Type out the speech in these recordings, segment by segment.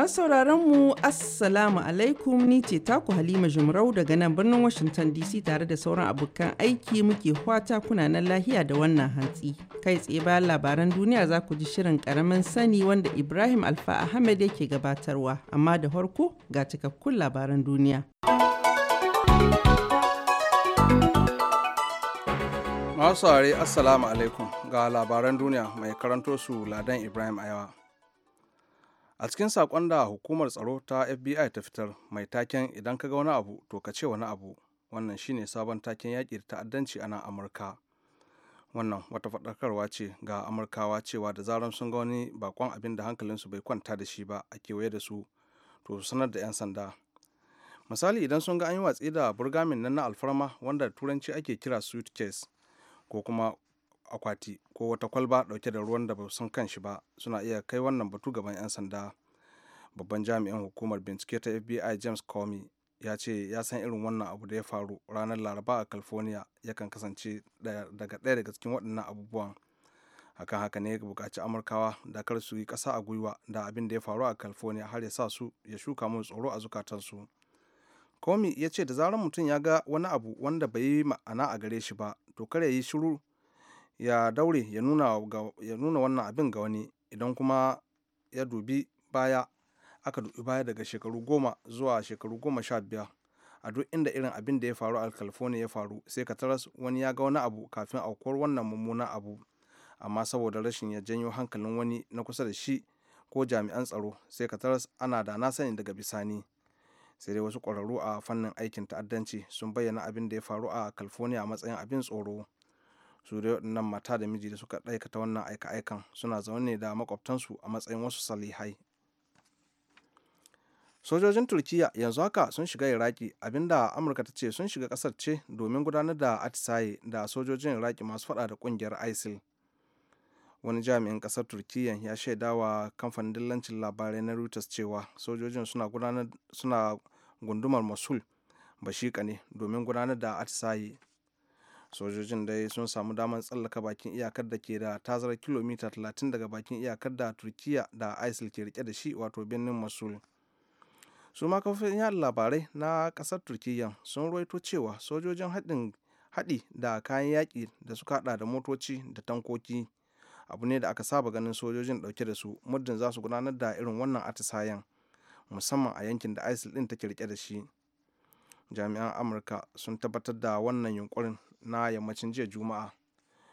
Masu sauraron mu Assalamu alaikum ni ce taku Halima Jumrau daga nan birnin Washington DC tare da sauran abokan aiki muke kwata kuna nan lahiya da wannan hantsi. Kai tsaye bayan labaran duniya za ku ji shirin karamin sani wanda Ibrahim Alfa Ahmed yake gabatarwa amma da farko ga cikakkun labaran duniya. Masu saurari Assalamu alaikum ga labaran duniya mai karanto su Ladan Ibrahim Ayawa. a cikin sakon da hukumar tsaro ta fbi ta fitar mai taken idan ka ga wani abu to ka ce wani abu wannan shine sabon taken yaƙi da ta'addanci a nan amurka wannan wata faɗakarwa ce ga amurkawa cewa da zarar sun ga wani bakon abin da hankalinsu bai kwanta da shi ba a kewaye da su to su sanar da 'yan sanda misali idan sun ga an yi watsi da burgamin nan na alfarma wanda turanci ake kira suitcase ko kuma akwati ko wata kwalba dauke da ruwan da ba san kan shi ba suna iya kai wannan batu gaban 'yan sanda babban jami'in hukumar bincike ta fbi james comey ya ce ya san irin wannan abu da ya faru ranar laraba a california yakan kasance daga ɗaya daga cikin waɗannan abubuwan akan haka ne ya buƙaci amurkawa da kar su yi ƙasa a gwiwa da abin da ya faru a california har ya sa su ya shuka mu tsoro a zukatansu komi ya ce da zarar mutum ya ga wani abu wanda bai yi ma'ana a gare shi ba to kar ya yi shiru ya daure ya nuna wannan abin ga wani idan kuma ya dubi baya aka dubi baya daga shekaru goma zuwa shekaru goma sha biyar a duk inda irin abin da ya faru a california ya faru sai ka taras wani ya ga wani abu kafin aukuwar wannan mummunan abu amma saboda rashin ya janyo hankalin wani na kusa da shi ko jami'an tsaro sai ka taras ana da na sani daga bisani sai dai wasu ƙwararru a fannin aikin ta'addanci sun bayyana abin da ya faru a california a matsayin abin tsoro su waɗannan mata da miji da suka aikata wannan aika-aikan suna zaune da makwabtansu a matsayin wasu salihai sojojin turkiya yanzu haka sun shiga iraki abinda amurka ta ce sun shiga ƙasar ce domin gudanar da atisaye da sojojin iraki masu fada da ƙungiyar isil wani jami'in ƙasar turkiya ya shaida wa kamfanin dillancin labarai na reuters cewa sojojin suna gudanar suna gundumar mosul bashika ne domin gudanar da atisaye sojojin dai sun samu damar tsallaka bakin iyakar da ke da tazarar kilomita 30 daga bakin iyakar da turkiya da isil ke rike da shi wato birnin masul su ma kafofin labarai na kasar turkiyya sun ruwaito cewa sojojin haɗi da kayan yaƙi da suka haɗa da motoci da tankoki abu ne da aka saba ganin sojojin ɗauke da su muddin za su gudanar da irin wannan atisayen musamman a yankin da isil ɗin take rike da shi jami'an amurka sun tabbatar da wannan yunkurin na yammacin jiya juma'a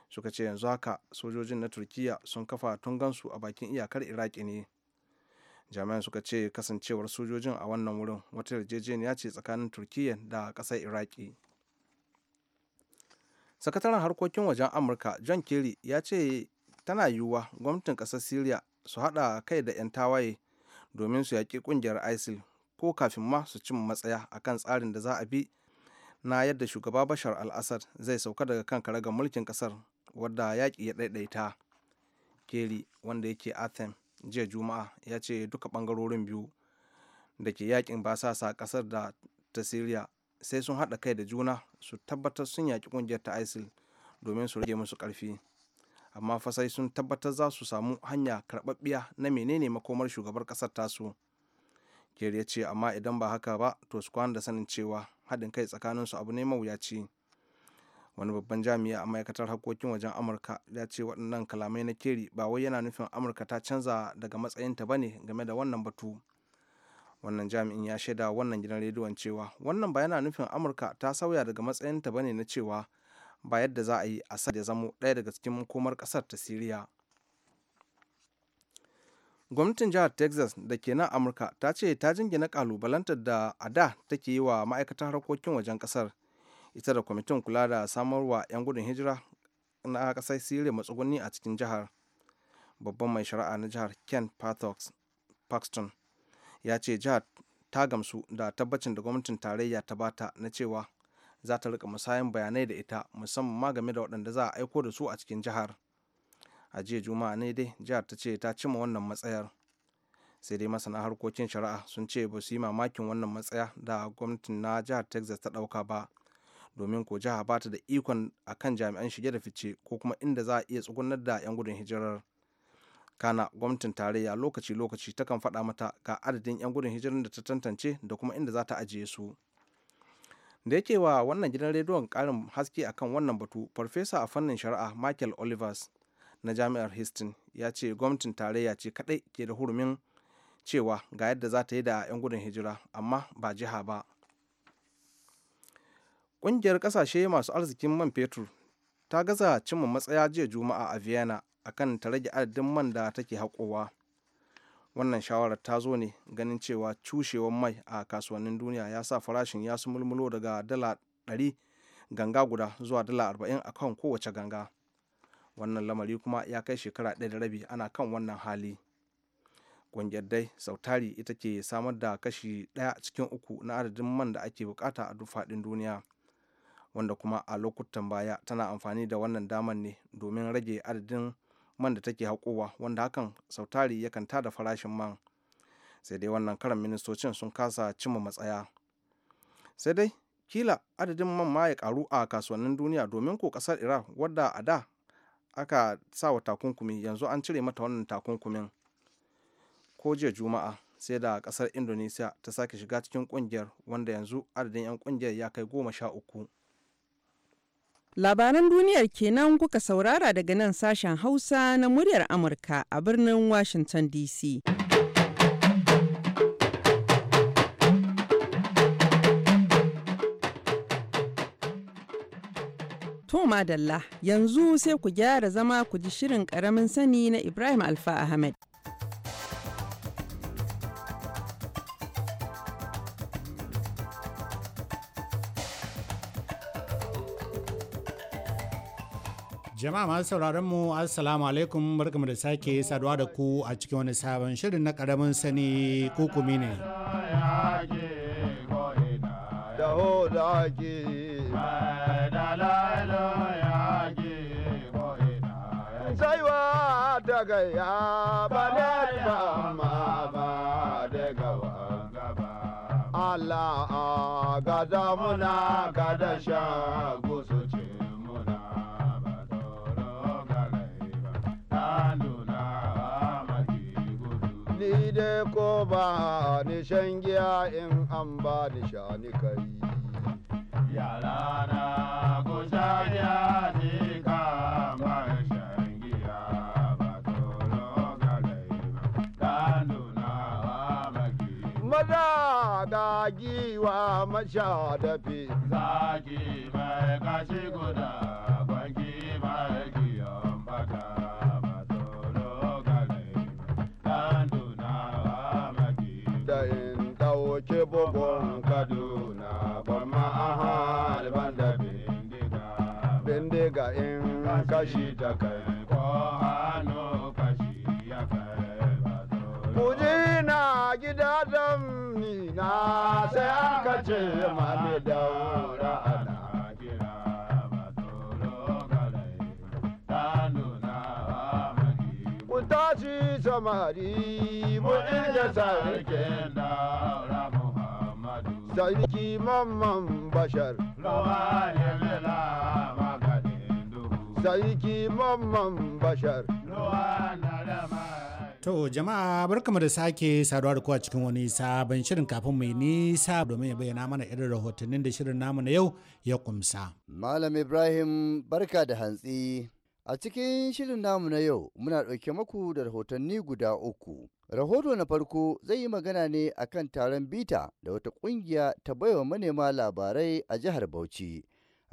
suka ce yanzu haka sojojin na turkiya sun kafa tungansu a bakin iyakar iraki ne jami'an suka ce kasancewar sojojin a wannan wurin wata yarjejeniya ce tsakanin turkiya da ƙasar iraki sakataren harkokin wajen amurka john kerry ya ce tana yiwuwa gwamnatin ƙasar syria su haɗa kai da 'yan tawaye domin su yaƙi ƙungiyar isil ko kafin ma su cin matsaya akan tsarin da za a bi na yadda shugaba bashar al-assad zai sauka daga kan karagar mulkin kasar wadda yaƙi ya ɗaiɗaita keri wanda yake athen jiya juma'a ya ce duka ɓangarorin biyu da ke yakin basasa ƙasar da ta siriya sai sun haɗa kai da juna su tabbatar sun yaƙi ƙungiyar ta isil domin su rage musu ƙarfi amma fa sai sun tabbatar za su samu hanya karɓaɓɓiya na menene makomar shugabar ƙasar tasu kerr ya ce amma idan ba haka ba to su kwana da sanin cewa haɗin kai tsakanin su abu ne mawuyaci wani babban jami'a a ma'aikatar harkokin wajen amurka ya ce waɗannan kalamai na keri ba wai yana nufin amurka ta canza daga matsayinta ba ne game da wannan batu wannan jami'in ya shaida wannan gidan rediyon cewa wannan ba yana nufin amurka ta sauya daga matsayinta ba ne na cewa ba yadda za a yi a sa da zamo ɗaya daga cikin makomar ƙasar ta siriya gwamnatin jihar texas da ke nan amurka ta ce ta jingina kalubalantar da a da take yi wa ma'aikatar harkokin wajen kasar ita da kwamitin kula da samarwa 'yan gudun hijira na kasar siriya matsuguni a cikin jihar babban mai shari'a na jihar ken paxton ya ce jihar ta gamsu da tabbacin da gwamnatin tarayya ta bata na cewa za ta rika musayan bayanai da ita musamman ma game da waɗanda za a aiko da su a cikin jihar. a jiya juma'a ne dai jihar ta ce ta cima wannan matsayar sai dai masana harkokin shari'a sun ce ba su yi mamakin wannan matsaya da gwamnatin na jihar texas ta ɗauka ba domin ko jiha ba ta da ikon a kan jami'an shige da fice ko kuma inda za a iya tsugunar da 'yan gudun hijirar kana gwamnatin tarayya lokaci-lokaci ta kan faɗa mata ga adadin 'yan gudun hijirar da ta tantance da kuma inda za ta ajiye su da yake wa wannan gidan rediyon ƙarin haske akan wannan batu farfesa a fannin shari'a michael olivers na jami'ar histon ya ce gwamnatin tarayya ce kadai ke da hurumin cewa ga yadda za ta yi da 'yan gudun hijira amma ba jiha ba ƙungiyar ƙasashe masu arzikin man fetur ta gaza cimma matsaya jiya juma'a a vienna akan ta rage adadin man da take haƙowa wannan shawarar ta zo ne ganin cewa cushewar mai a kasuwannin duniya ya sa farashin ya su mulmulo daga dala 100 ganga guda zuwa dala 40 a kan kowace ganga wannan lamari kuma ya kai shekara ɗaya da rabi ana kan wannan hali ƙungiyar dai sautari ita ke samar da kashi ɗaya cikin uku na adadin man da ake bukata a duk faɗin duniya wanda kuma a lokutan baya tana amfani da wannan daman ne domin rage adadin man da take haƙowa wanda hakan sautari yakan da farashin man sai dai wannan karan ministocin sun kasa cimma matsaya sai dai kila adadin man ma ya karu a kasuwannin duniya domin ko ƙasar Iran, wadda a da aka sa wa takunkumi yanzu an cire mata wannan takunkumin ko jiya juma'a sai da kasar indonesia ta sake shiga cikin kungiyar wanda yanzu adadin 'yan kungiyar ya kai goma sha uku labaran duniyar kenan kuka saurara daga nan sashen hausa na muryar amurka a birnin washington dc To madalla yanzu sai ku gyara zama ku ji shirin karamin sani na Ibrahim Alfa Ahmed. Jama'a masu sauraron mu Assalamu alaikum barkamu da sake saduwa da ku a cikin wani sabon shirin na karamin sani kukumi ne. Da abadan dama ba da gawa gaba Allah a gaza muna kada sha gusu ce muna ba toro galai ba ta nuna maki gudu ni de ko ba ni shan in an ba ni sha ni kai yara na ku sha kai. zagi wa masha dafi zagi mai kashi guda gwangi mai giyon baka ke bugun kaduna ban ma'aha alban da bindiga bindiga in kashi ta kai ko hannu kashi ya kai ba na gidadan na sai aka ce mami daura ana kira matoro kalai ta nuna magi. Ku tashi samari mu inda sarkin daura Muhammadu. Sarki mamman bashar. Rawa ya lila maganin duhu. Sarki mamman bashar. Rawa To jama'a barkamu da sake saduwa da kowa cikin wani sabon shirin kafin mai nisa domin ya bayyana mana irin rahotannin da shirin namu na yau ya kumsa. Malam Ibrahim barka da hantsi. A cikin shirin namu na yau muna ɗauke maku da rahotanni guda uku. Rahoto na farko zai yi magana ne akan taron bita da wata ƙungiya ta baiwa manema labarai a jihar Bauchi.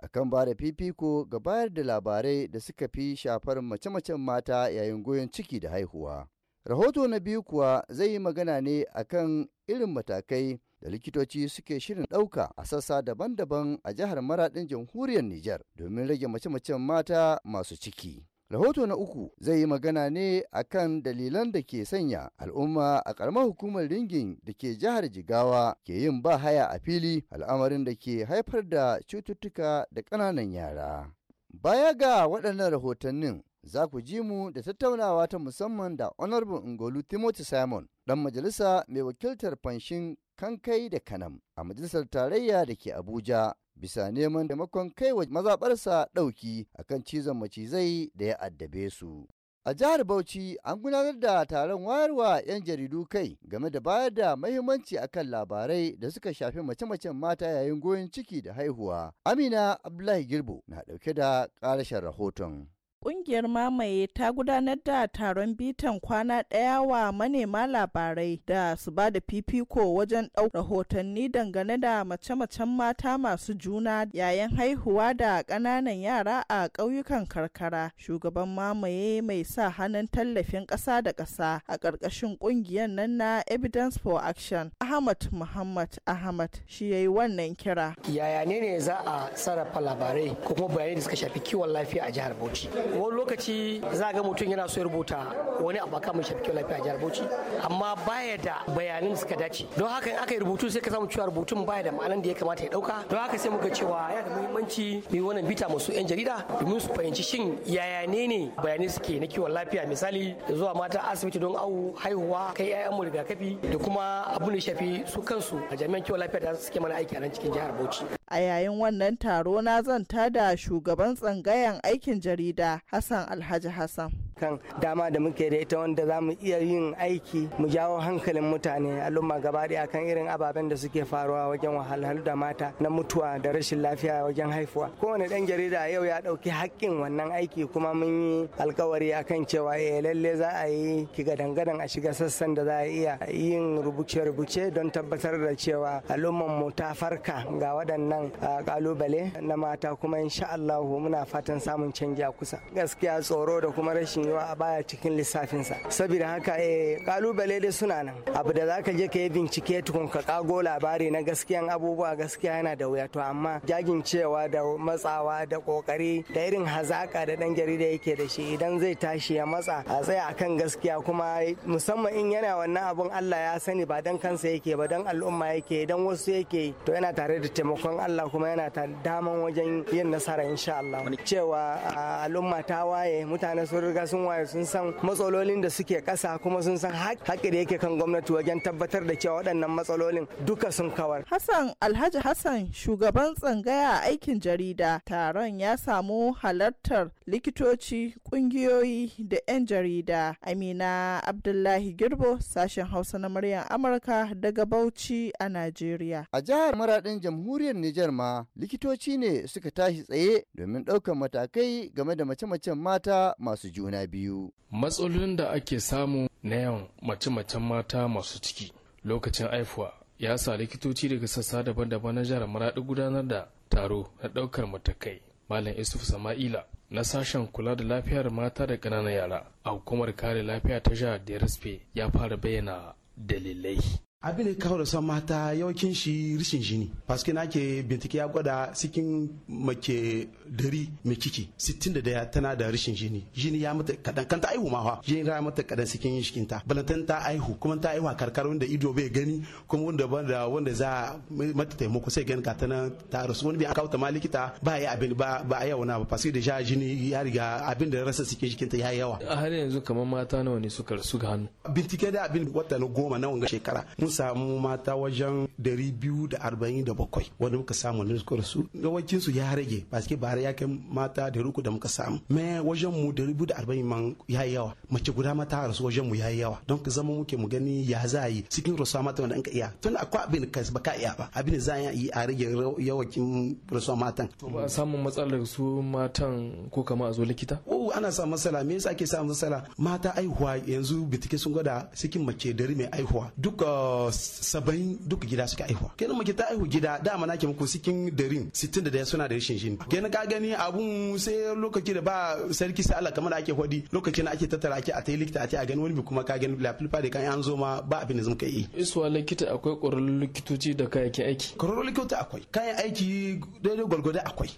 akan ba da fifiko ga bayar da labarai da suka fi shafar mace-macen mata yayin goyon ciki da haihuwa. Rahoto na biyu kuwa zai yi magana ne akan irin matakai da likitoci suke shirin ɗauka a sassa daban-daban a jihar Maraɗin jamhuriyar Nijar domin rage mace-macen mata masu ciki. Rahoto na uku zai yi magana ne akan dalilan da ke sanya al'umma a ƙaramar hukumar ringin da ke jihar Jigawa ke yin ba haya a fili al'amarin da ke haifar da cututtuka da ƙananan yara. Baya ga waɗannan rahotannin za ku ji mu da tattaunawa ta musamman da Honorable Ngolu Timothy Simon, ɗan majalisa mai wakiltar fanshin kankai da kanam a majalisar tarayya da ke Abuja bisa neman taimakon kai wa mazaɓarsa ɗauki a kan cizon macizai da ya addabe su. A jihar Bauchi an gudanar da taron wayarwa 'yan jaridu kai game da bayar da mahimmanci akan labarai da suka shafi mace-macen mata yayin goyon ciki da haihuwa. Amina Abdullahi Girbo na ɗauke da ƙarashin rahoton. kungiyar mamaye ta gudanar da taron bitan kwana ɗaya wa manema labarai da su ba da fifiko wajen ɗau rahotanni dangane da mace-macen mata masu juna yayin haihuwa da ƙananan yara a ƙauyukan karkara. Shugaban mamaye mai sa hannun tallafin ƙasa da ƙasa a ƙarƙashin ƙungiyar nan na Evidence for Action. Ahmad Muhammad Ahmad shi ya yi wannan kira. Yaya ne ne za a sarrafa labarai ko kuma bayanai da suka shafi kiwon lafiya a jihar Bauchi? wani lokaci za ga mutum yana so ya rubuta wani abu akan mai shafi lafiya jihar Bauchi amma baya da bayanin suka dace don haka in aka yi rubutu sai ka samu cewa rubutun baya da ma'anar da ya kamata ya dauka don haka sai muka cewa ya da muhimmanci mu wannan bita masu yan jarida domin su fahimci shin yaya ne ne bayanai suke na kiwon lafiya misali zuwa mata asibiti don awo haihuwa kai ƴaƴanmu rigakafi da kuma abun da shafi su kansu a jami'an kiwon lafiya da suke mana aiki a nan cikin jihar Bauchi a yayin wannan taro na zanta da shugaban tsangayan aikin jarida hassan alhaji hassan kan dama da muke da ita wanda za mu iya yin aiki mu jawo hankalin mutane al'umma gaba daya kan irin ababen da suke faruwa wajen wahalhalu da mata na mutuwa da rashin lafiya wajen haifuwa kowane dan jarida yau ya dauki hakkin wannan aiki kuma mun yi alkawari akan cewa e lalle za a yi ki kigadangadan a shiga sassan da za a iya yin rubuce-rubuce don tabbatar da cewa al'umman mu ta farka ga waɗannan kalubale na mata kuma insha muna fatan samun canji a kusa gaskiya tsoro da kuma rashin a baya cikin lissafinsa saboda haka eh, kalubale dai suna nan abu da za ka je ka yi bincike tukun ka kago labari na gaskiyan abubuwa gaskiya yana da wuya to amma jagin cewa da matsawa da kokari da irin hazaka da dan jarida yake da shi idan zai tashi ya matsa a tsaya akan gaskiya kuma musamman in yana wannan abun Allah ya sani ba dan kansa yake ba dan al'umma yake dan wasu yake to yana tare da taimakon Allah kuma yana ta daman wajen yin nasara insha Allah cewa al'umma ta waye mutane sun riga sun waye sun san matsalolin da suke kasa kuma sun san haƙƙi da yake kan gwamnati wajen tabbatar da cewa waɗannan matsalolin duka sun kawar. Hassan Alhaji Hassan shugaban tsangaya a aikin jarida taron ya samu halartar likitoci ƙungiyoyi da 'yan jarida Amina Abdullahi Girbo sashen Hausa na muryar Amurka daga Bauchi a Najeriya. A jihar Maraɗin Jamhuriyar Nijar ma likitoci ne suka tashi tsaye domin ɗaukar matakai game da mace-macen mata masu juna biyu. Matsalolin da ake samu na yawan mace-macen mata masu ciki lokacin aifuwa ya sa likitoci daga sassa daban-daban na jihar Maradi gudanar da taro na ɗaukar matakai. Malam Isuf Sama'ila na sashen kula da lafiyar mata da ƙananan yara a hukumar kare lafiya ta jihar Derespe ya fara bayyana dalilai. abin da kawo da son mata yawancin shi rishin shi ne paske na ke bintike ya gwada cikin make dari mai ciki 61 tana da rishin jini jini ya mata kadan kanta aihu ma jini ya mata kadan cikin shikin ta balantan ta aihu kuma ta aihu a karkar wanda ido bai gani kuma wanda banda wanda za mata taimako sai gani ta nan ta rasu wani bai an kawo ta ma likita ba ya abin ba ba a yawana ba paske da ja jini ya riga abin da rasa cikin shikin ta ya yawa a har yanzu kamar mata nawa ne suka rasu ga hannu bintike da abin wata na goma na wanga shekara mun samu mata wajen 247 wanda muka samu na su yawancin su ya rage ba suke bara ya kai mata da ruku da muka samu me wajen mu 240 man ya yawa mace guda mata rasu wajen mu ya yawa don ka zama muke mu gani ya za yi cikin rasuwa mata wanda an ka iya tun akwai abin ka baka iya ba abin za a yi a rage yawancin rasuwa matan to ba samun matsalar su matan ko kama a zo likita oh ana samun matsala me yasa ake samun matsala mata aihuwa yanzu bitike sun gwada cikin mace dari mai aihuwa duka saba'in duk gida suka aihuwa kenan muke ta aihu gida da dama ke muku cikin darin sittin da daya suna da rashin jini kenan ka gani abun sai lokaci da ba sarki sai Allah kamar ake hodi lokacin ake tattara ake a ta likita a tayi a gani wani bi kuma ka gani la filfa da kan an zo ma ba abin da zan ka yi likita akwai ƙwararrun likitoci da kayayyakin aiki ƙwararrun likitoci akwai kayan aiki daidai gwalgwado akwai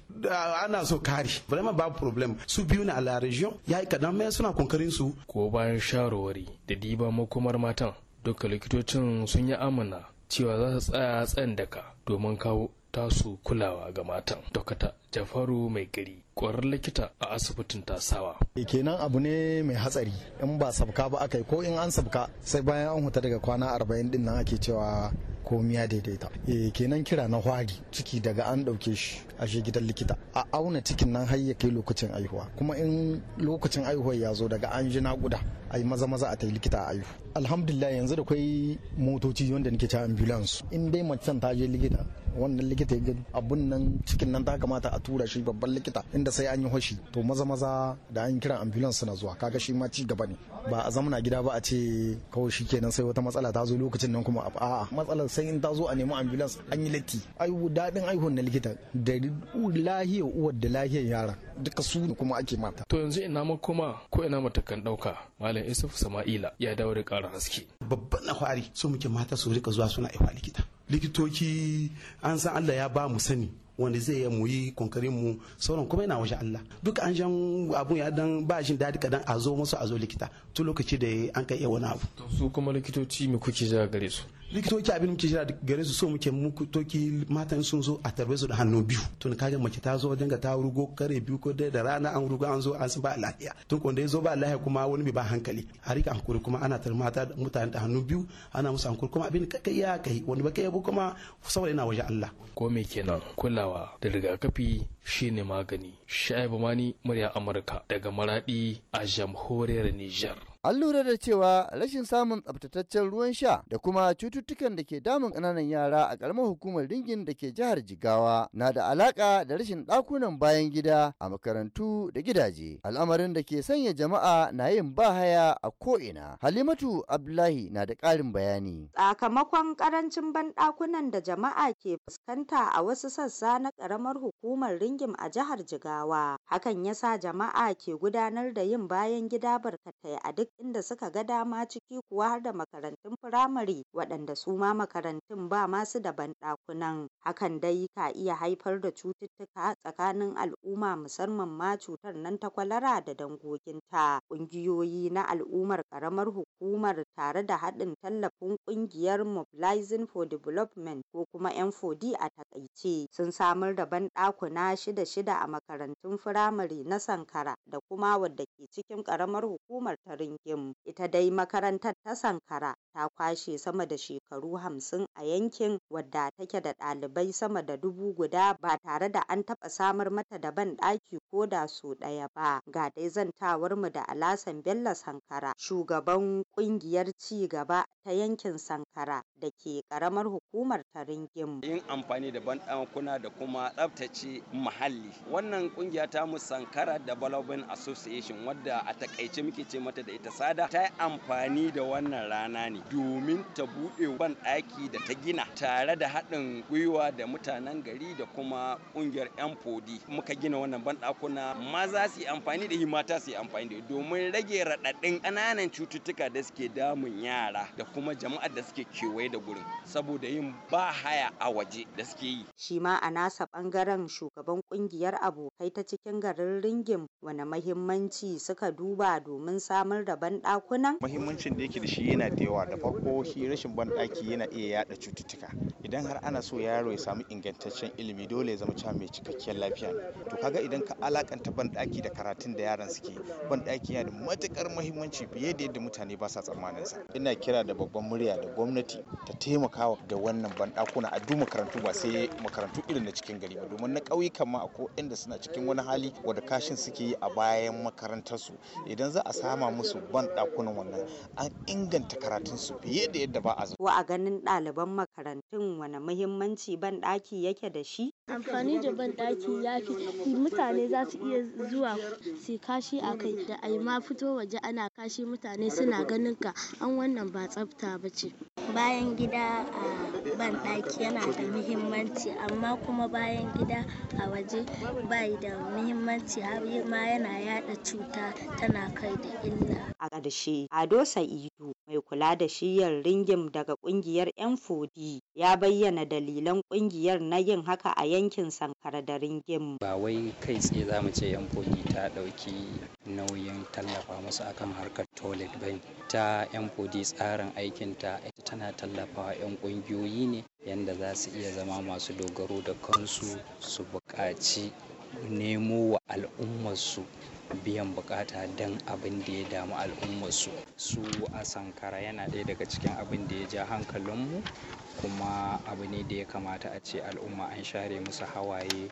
ana so kare vraiment babu problem su biyu na a la region ya yi kadan suna kunkarin su ko bayan shawarwari da diba makomar matan duka likitocin sun yi amina cewa za su tsaya tsayin daka domin kawo tasu kulawa ga matan dokata jafaru mai gari kwarar likita a asibitin tasawa kenan abu ne mai hatsari in ba sabka ba aka yi ko in an sabka sai bayan an huta daga kwana arba'in din nan ake cewa komiya daidaita e kenan kira na hwari ciki daga an ɗauke shi a shi gidan likita a auna cikin nan har ya kai lokacin aihuwa kuma in lokacin aihuwar ya zo daga an ji naƙuda a yi maza maza a ta likita a aihu alhamdulillah yanzu da kwai motoci wanda nake cewa ambulance in dai macen ta je likita wannan likita ya abun nan cikin nan ta kamata a tura shi babban likita inda sai an yi hoshi to maza maza da an kira ambulance na zuwa kaga shi ma ci gaba ne ba a zamana gida ba a ce kawai kenan sai wata matsala ta zo lokacin nan kuma a, matsalar sai in ta zo a nemi ambulance an yi latti aihu dadin aihun na likita da lahiyar uwar da lahiyar yara duka su ne kuma ake mata to yanzu ina ma kuma ko ina mata kan dauka malam Yusuf Sama'ila ya dawo da ƙara haske babban na hwari, so muke mata su rika zuwa suna aiwa likita likitoci an san Allah ya ba mu sani wanda zai yi muyi yi konkarin mu sauran kuma yana wajen Allah duk an jan abun ya dan ba jin dadi kadan a zo musu a zo likita tun lokaci da an kai iya wani abu. su kuma likitoci mu kuke za gare su. likitoci abin muke jira gare su so muke muku toki matan sun zo a tarbe su da hannu biyu tun kaga mace ta zo wajen ga ta rugo kare biyu ko dai da rana an rugo an zo an san ba lafiya tun kun da ya zo ba lafiya kuma wani bai ba hankali a rika hankuri kuma ana tar mata mutane da hannu biyu ana musu hankuri kuma abin ka iya kai wani ba kai kuma saboda ina waje Allah ko me kenan kulawa da rigakafi shine magani shaibu mani murya amurka daga maradi a jamhuriyar Nijar. An lura da cewa rashin samun tsabtataccen ruwan sha da kuma cututtukan da ke damun ƙananan yara a ƙaramar hukumar dingin da ke jihar Jigawa na da alaƙa da rashin ɗakunan bayan gida a makarantu da gidaje. Al'amarin da ke sanya jama'a na yin bahaya a ko'ina. Halimatu Abdullahi na da ƙarin bayani. Sakamakon ƙarancin banɗakunan da jama'a ke fuskanta a wasu sassa na ƙaramar hukumar ringin a jihar Jigawa. Hakan ya sa jama'a ke gudanar da yin bayan gida barkatai a duk inda suka ga dama ciki kuwa har da makarantun firamare waɗanda su ma makarantun ba masu da banɗakunan. Hakan dai ka iya haifar da cututtuka tsakanin al'umma musamman ma cutar nan ta kwalara da dangoginta. Ƙungiyoyi na al'ummar ƙaramar hukumar tare da haɗin tallafin ƙungiyar Mobilizing for Development ko kuma M4D a takaice sun samar da banɗakuna shida-shida a makarantun firamare firamare na Sankara da kuma wadda ke cikin ƙaramar Hukumar ta Ringim. Ita dai makarantar ta Sankara ta kwashe sama da shekaru hamsin a yankin wadda take da ɗalibai sama da dubu guda ba tare da an taɓa samar mata da banɗaki ko da su ɗaya ba. Ga dai mu da Alasan Bello Sankara, shugaban ƙungiyar ci gaba ta yankin Sankara da ke ƙaramar Hukumar ta Ringim. Yin amfani da banɗakuna da kuma tsaftace muhalli. Wannan ƙungiya ta samu sankara development association wadda a takaice muke ce mata da ita sada ta yi amfani da wannan rana ne domin ta buɗe ban ɗaki da ta gina tare da haɗin gwiwa da mutanen gari da kuma ƙungiyar yan fodi muka gina wannan ban ɗakuna maza su yi amfani da shi mata su yi amfani da domin rage raɗaɗin ƙananan cututtuka da suke damun yara da kuma jama'a da suke kewaye da gurin saboda yin ba haya a waje da suke yi shi ma a nasa ɓangaren shugaban ƙungiyar abokai ta cikin magabatan garin ringin wane mahimmanci suka duba domin samar da banɗakunan? Mahimmancin da yake da shi yana da yawa da farko shi rashin banɗaki yana iya yada cututtuka. idan har ana so yaro ya samu ingantaccen ilimi dole ya zama cewa mai cikakkiyar lafiya to kaga idan ka alakanta ban daki da karatun da yaran suke ban daki yana da matukar muhimmanci fiye da yadda mutane ba sa tsammanin sa ina kira da babban murya da gwamnati ta taimaka da wannan ban dakuna a duk makarantu ba sai makarantu irin na cikin gari ba domin na ƙauyukan ma ko inda suna cikin wani hali wanda kashin suke yi a bayan makarantar su idan za a sama musu ban dakunan wannan an inganta karatun su fiye da yadda ba a wa a ganin ɗaliban makarantun wani wane muhimmanci banɗaki yake da shi? Amfani da banɗaki ya fi mutane za su iya zuwa su kashi a kai da ai ma fito waje ana kashi mutane suna ganin ka an wannan ba tsafta ba ce. Bayan gida a banɗaki yana da muhimmanci amma kuma bayan gida a waje ba da muhimmanci har ma yana yada cuta tana kai da illa. A ƙarshe Ado Sa'idu kula da shiyyar Ringim daga kungiyar 'yan fodi ya bayyana dalilan kungiyar na yin haka a yankin Sankara da Ringim. Ba wai kai tsaye za mu ce 'yan fodi ta ɗauki nauyin tallafa musu akan harkar toilet ba Ta 'yan 4 tsarin aikinta ita tana tallafawa 'yan kungiyoyi ne yanda za su iya zama masu dogaro da kansu su buƙaci nemo wa al'ummarsu biyan bukata don abin da ya damu al'ummarsu su a sankara yana ɗaya daga cikin abin da ya ja hankalinmu kuma abu ne da ya kamata a ce al'umma an share musu hawaye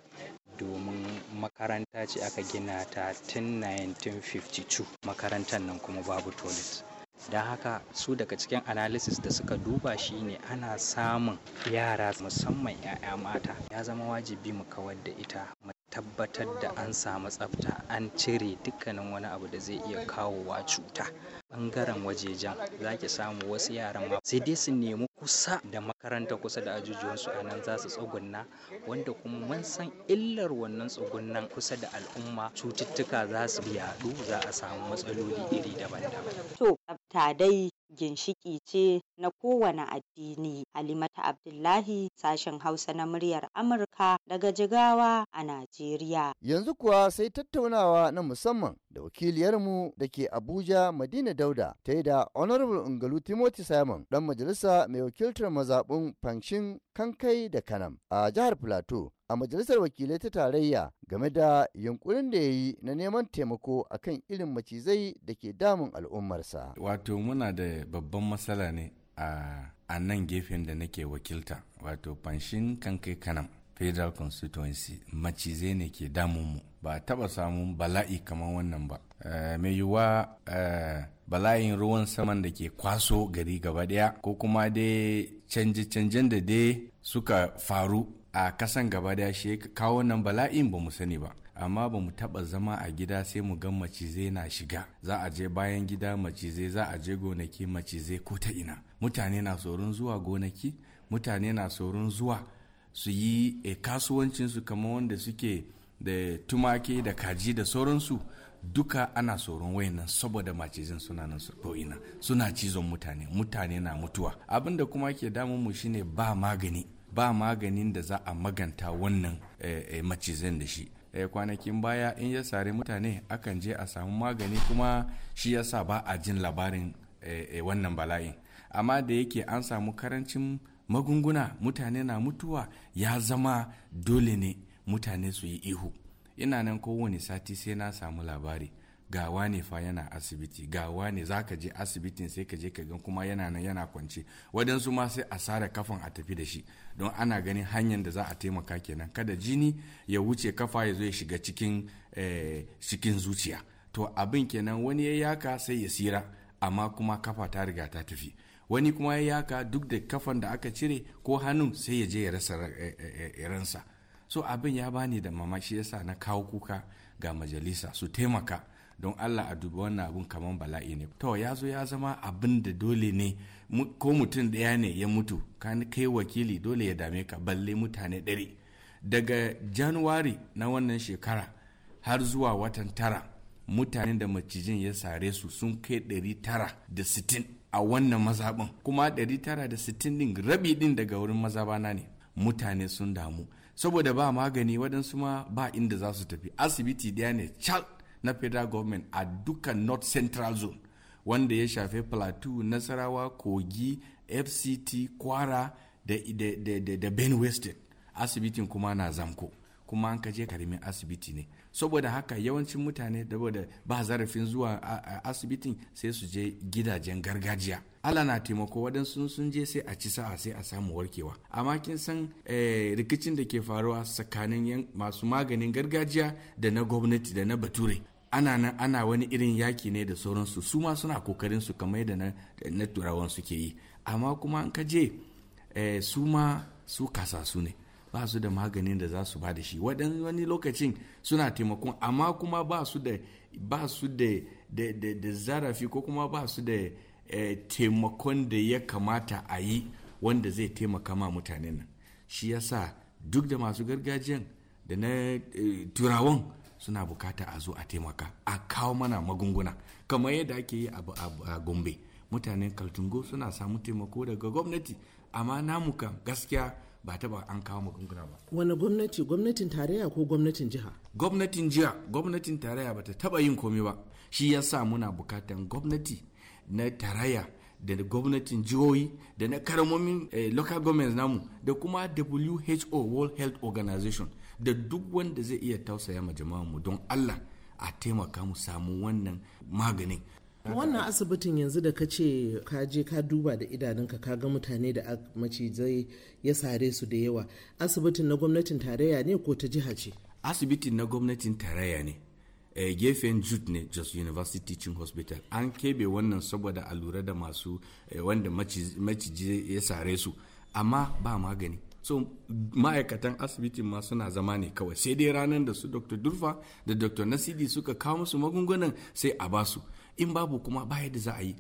domin makaranta ce aka gina ta tun 1952 makarantar nan kuma babu toilet don haka su daga cikin analysis da suka duba shi ne ana samun yara musamman 'ya'ya mata ya zama wajibi mu kawar da ita tabbatar da an samu tsafta an cire dukkanin wani abu da zai iya kawowa cuta bangaren wajejen za ki samu wasu yaran ma sai dai su nemi kusa da makaranta kusa da ajujuwansu a nan za su tsugunna wanda kuma mun san illar wannan tsugunnan kusa da al'umma cututtuka za su yaɗu za a samu matsaloli iri daban-daban. To, tsafta ginshiƙi ce na kowane addini. Halimatu Abdullahi sashen Hausa na muryar Amurka daga Jigawa a Najeriya. Yanzu kuwa sai tattaunawa na musamman da wakiliyarmu da ke Abuja Madina Dauda ta yi da Honorable Ungalu Timothy Simon ɗan majalisa mai wakiltar mazaɓin fanshin Kankai da Kanam a jihar Plateau a majalisar wakilai ta tarayya game da yunkurin da ya yi na neman taimako a kan irin macizai da ke damun al'ummarsa. Wato muna da babban matsala ne a nan gefen da nake wakilta wato fanshin kan kai kanam federal constituency macizai ne ke damun mu ba a taba samun bala'i kamar wannan ba eh, mai yiwuwa eh, bala'in ruwan saman da ke kwaso gari gaba daya ko kuma dai canje-canjen da dai suka faru a kasan gaba da shi kawo nan bala'in ba mu sani ba amma ba mu taba zama a gida sai mu ga macizai na shiga za a je bayan gida macizai za a je gonaki macizai ko ta ina mutane na tsoron zuwa gonaki mutane na tsoron zuwa su yi e, kasuwancinsu kamar wanda suke da tumaki da kaji da sauransu duka ana tsoron wayannan saboda macizin suna nan ko'ina suna cizon mutane mutane na mutuwa abinda kuma ke damun mu shine ba magani ba maganin da za a maganta wannan eh, eh, macizan da shi eh, kwanakin baya in ya sare mutane akan je a samu magani kuma shi yasa ba a jin labarin wannan bala'in amma da yake an samu karancin magunguna mutane na mutuwa ya zama dole ne mutane su yi ihu ina nan kowane sati sai na samu labari gawa ne fa yana asibiti gawa ne za ka je asibitin sai ka je ka gan kuma yana nan yana kwance wadansu ma sai a sare kafan a tafi da shi don ana ganin hanyar da za a taimaka kenan kada jini ya wuce kafa ya zo ya shiga cikin eh, cikin zuciya to abin kenan wani ya yaka sai ya sira amma kuma kafa ta riga ta tafi wani kuma ya yaka duk da kafan da aka cire ko hannun sai ya je ya rasa eh, eh, ransa so abin ya bani da mamaki yasa na kawo kuka ga majalisa su taimaka don allah a dubi wannan abun kamar bala'i ne to ya zo ya zama abin da dole ne ko mutum ɗaya ne ya mutu kai wakili dole ya dame ka balle mutane ɗari daga januwari na wannan shekara har zuwa watan tara mutane da macijin ya sare su sun kai ɗari tara da sittin. a wannan mazaɓin kuma ɗari tara da sittin din rabi ɗin daga wurin mazabana ne mutane sun damu saboda ba magani waɗansu ma ba inda za su tafi asibiti ɗaya ne cal na federal government a dukkan north central zone wanda ya shafe plateau nasarawa kogi fct kwara da, da, da, asibitin kuma na zamko kuma an kaje karimin asibiti ne saboda haka yawancin mutane da ba zarafin zuwa asibitin sai su je gidajen gargajiya ala na taimako waɗansu sun je sai a ci sa'a sai a samu warkewa amma kin san eh, rikicin da ke faruwa tsakanin masu maganin gargajiya da na gwamnati da na bature ana nan ana wani irin yaki ne da sauransu su ma suna kokarin su kamar da na turawan suke yi amma kuma an ka je eh, su ma su kasasu ne ba su da maganin da za su ba da shi waɗan wani lokacin suna taimakon amma kuma ba su da ba su da da zarafi ko kuma ba su da eh, taimakon da ya kamata a yi wanda zai taimaka ma mutanen nan shi yasa duk da masu gargajiyan da na eh, turawan suna bukata a zo a taimaka a kawo mana magunguna kamar yadda ake yi a gombe mutanen kaltungo suna samu taimako daga gwamnati amma namu kan gaskiya ba taba an kawo magunguna ba wani gwamnati gwamnatin tarayya ko gwamnatin jiha gwamnatin jiha gwamnatin tarayya ta taba yin komai ba shi yasa muna bukatan gwamnati na tarayya da gwamnatin jihohi da na karamomin eh, local governments namu da kuma WHO World Health Organization da duk wanda zai iya tausaya ma jama'a mu don Allah a taimaka mu samu wannan maganin wannan asibitin yanzu da ka ce ka je ka duba da idanunka ka ga mutane da macizai ya sare su da yawa asibitin na gwamnatin tarayya ne ko ta jiha ce asibitin na gwamnatin tarayya ne e, gefen jude ne jos university teaching hospital an kebe wannan saboda a lura da masu e, wanda maciji ya sare su amma ba magani so ma'aikatan asibitin ma suna zama ne kawai sai dai ranar da su dr durfa da dr nasidi suka kawo musu magungunan sai a basu in babu kuma ba yadda za a yi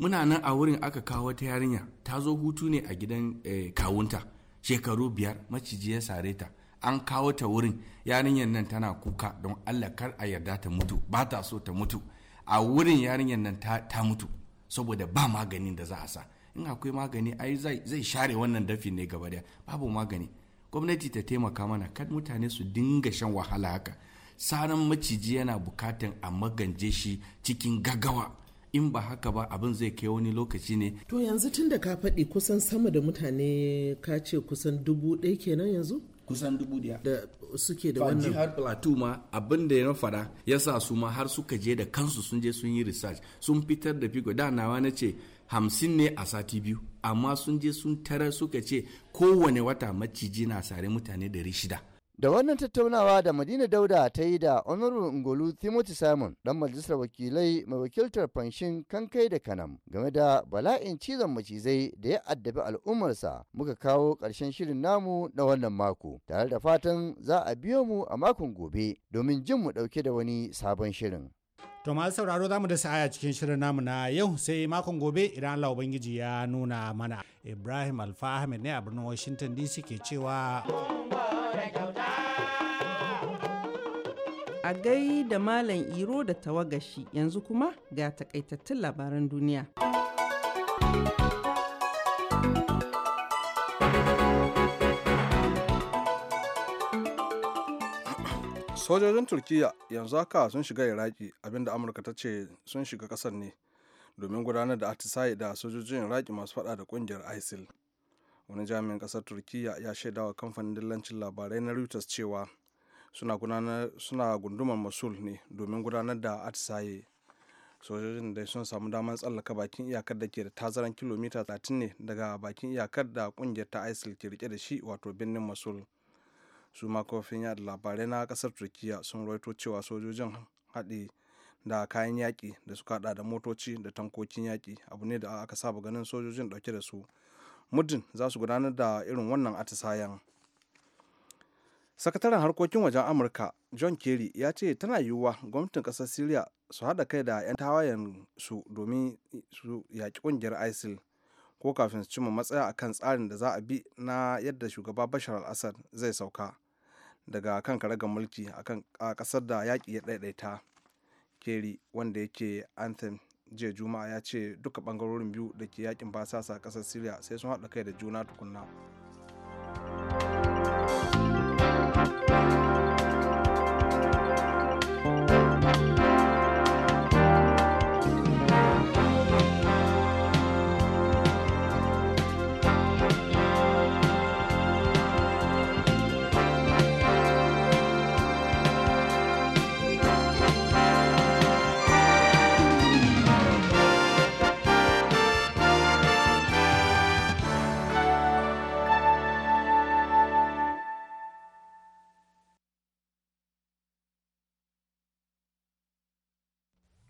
muna nan a wurin aka kawo wata yarinya ta zo hutu ne a gidan eh, kawunta shekaru biyar maciji ya sare ta an kawo ta wurin yarinyar nan tana kuka don allah kar a yarda ta mutu ba ta so ta mutu a wurin yarinyar nan ta mutu saboda ba maganin da za a sa in akwai magani ai zai share wannan dafi ne gaba daya babu magani gwamnati ta taimaka mana kan mutane su dinga shan wahala haka saran maciji yana bukatan a magance shi cikin gagawa in ba haka ba abin zai kai wani lokaci ne to yanzu tun da ka faɗi kusan sama da mutane ka ce kusan dubu ɗaya kenan yanzu kusan dubu ɗaya da suke da wannan jihar plateau ma abin da ya fara ya sa su ma har suka je da kansu sun je sun yi research sun fitar da figo da nawa na ce hamsin ne a sati biyu amma sun je sun tara suka ce kowane wata maciji na sare mutane ɗari shida da wannan tattaunawa da madina dauda ta yi da onuru ngolu timothy simon dan majalisar wakilai mai wakiltar fanshin kankai da kanam game da bala'in cizon macizai da ya addabi al'ummarsa muka kawo karshen shirin namu na wannan mako tare da fatan za a biyo mu a makon gobe domin jin mu ɗauke da wani sabon shirin To masu sauraro zamu mu da sa'aya cikin shirin namu na yau sai makon gobe idan Allah Ubangiji ya nuna mana. Ibrahim Alfa Ahmed ne a birnin Washington DC ke cewa. A gai da Malam Iro da tawagashi yanzu kuma ga takaitattun labaran duniya. sojojin turkiya yanzu haka sun shiga iraki abinda amurka ta ce sun shiga kasar ne domin gudanar da atisaye da sojojin iraki masu fada da kungiyar isil wani jami'in kasar turkiyya ya shaidawa kamfanin dillancin labarai na reuters cewa suna gundumar masul ne domin gudanar da atisaye sojojin da sun samu damar tsallaka bakin iyakar da ke da tazaran kilomita 30 ne daga bakin iyakar da kungiyar ta isil ke rike da shi wato birnin masul su makofin kafofin yada labarai na kasar turkiya sun rawaito cewa sojojin haɗe da kayan yaƙi da suka haɗa da motoci da tankokin yaƙi abu ne da aka saba ganin sojojin ɗauke da su muddin za su gudanar da irin wannan atisayen sakataren harkokin wajen amurka john kerry ya ce tana yiwuwa gwamnatin ƙasar syria su haɗa kai da 'yan tawayen su domin su yaƙi ƙungiyar isil ko kafin su cimma matsaya akan tsarin da za a bi na yadda shugaba bashar al-assad zai sauka daga kan karagar mulki a kasar da yaƙi ya ɗaiɗaita keri wanda yake anthem jiya juma'a ya ce duka ɓangarorin biyu da ke yakin basasa a ƙasar syria sai sun haɗa kai da juna tukunna